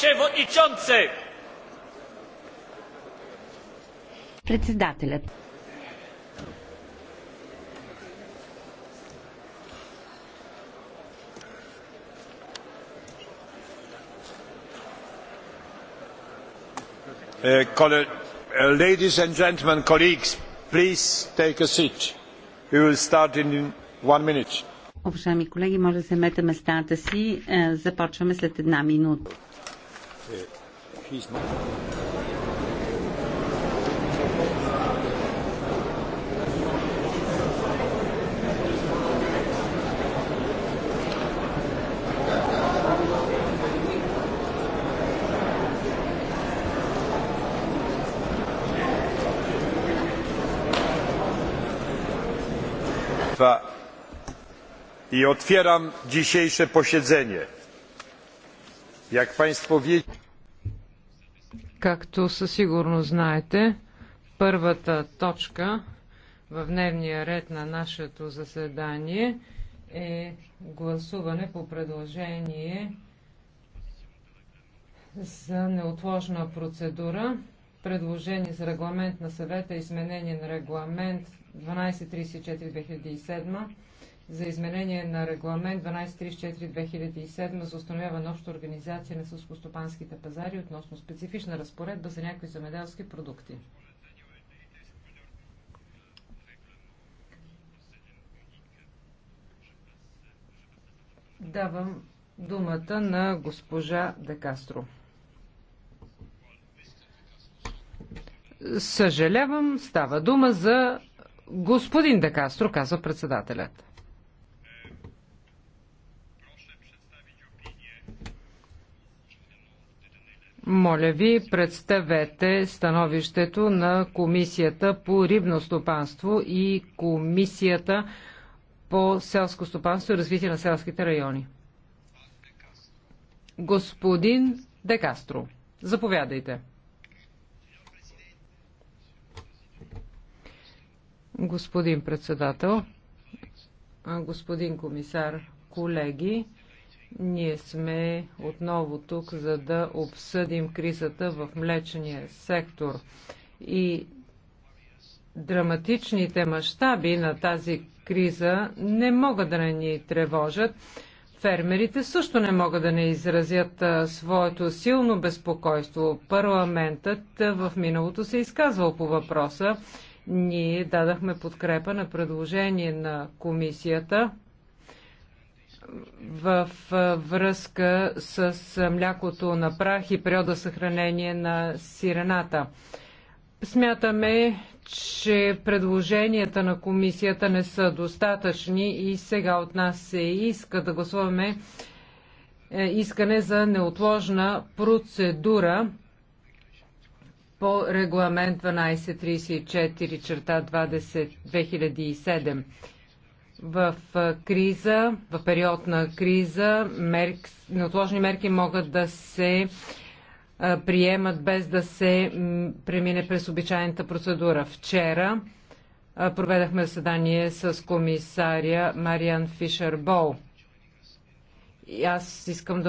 przewodniczący! Председателят. Ladies and gentlemen, colleagues, please take a seat. We will start in one minute. Уважаеми колеги, може да се мете местата си. Започваме след една минута he's not. i otwieram dzisiejsze posiedzenie. Както със сигурност знаете, първата точка в дневния ред на нашето заседание е гласуване по предложение за неотложна процедура. Предложение за регламент на съвета, изменение на регламент 1234-2007 за изменение на регламент 1234-2007 за установяване на обща организация на сълскостопанските пазари относно специфична разпоредба за някои земеделски продукти. Давам думата на госпожа Декастро. Съжалявам, става дума за господин Декастро, казва председателят. Моля ви, представете становището на Комисията по рибно стопанство и Комисията по селско стопанство и развитие на селските райони. Господин Декастро, заповядайте. Господин председател, господин комисар, колеги, ние сме отново тук, за да обсъдим кризата в млечния сектор и драматичните мащаби на тази криза не могат да не ни тревожат. Фермерите също не могат да не изразят своето силно безпокойство. Парламентът в миналото се изказвал по въпроса. Ние дадахме подкрепа на предложение на комисията в връзка с млякото на прах и периода съхранение на сирената. Смятаме, че предложенията на комисията не са достатъчни и сега от нас се иска да гласуваме е, искане за неотложна процедура по регламент 1234 черта 20, 2007 в криза, в период на криза, мерк, неотложни мерки могат да се приемат без да се премине през обичайната процедура. Вчера проведахме заседание с комисаря Мариан Фишер Бол. И аз искам да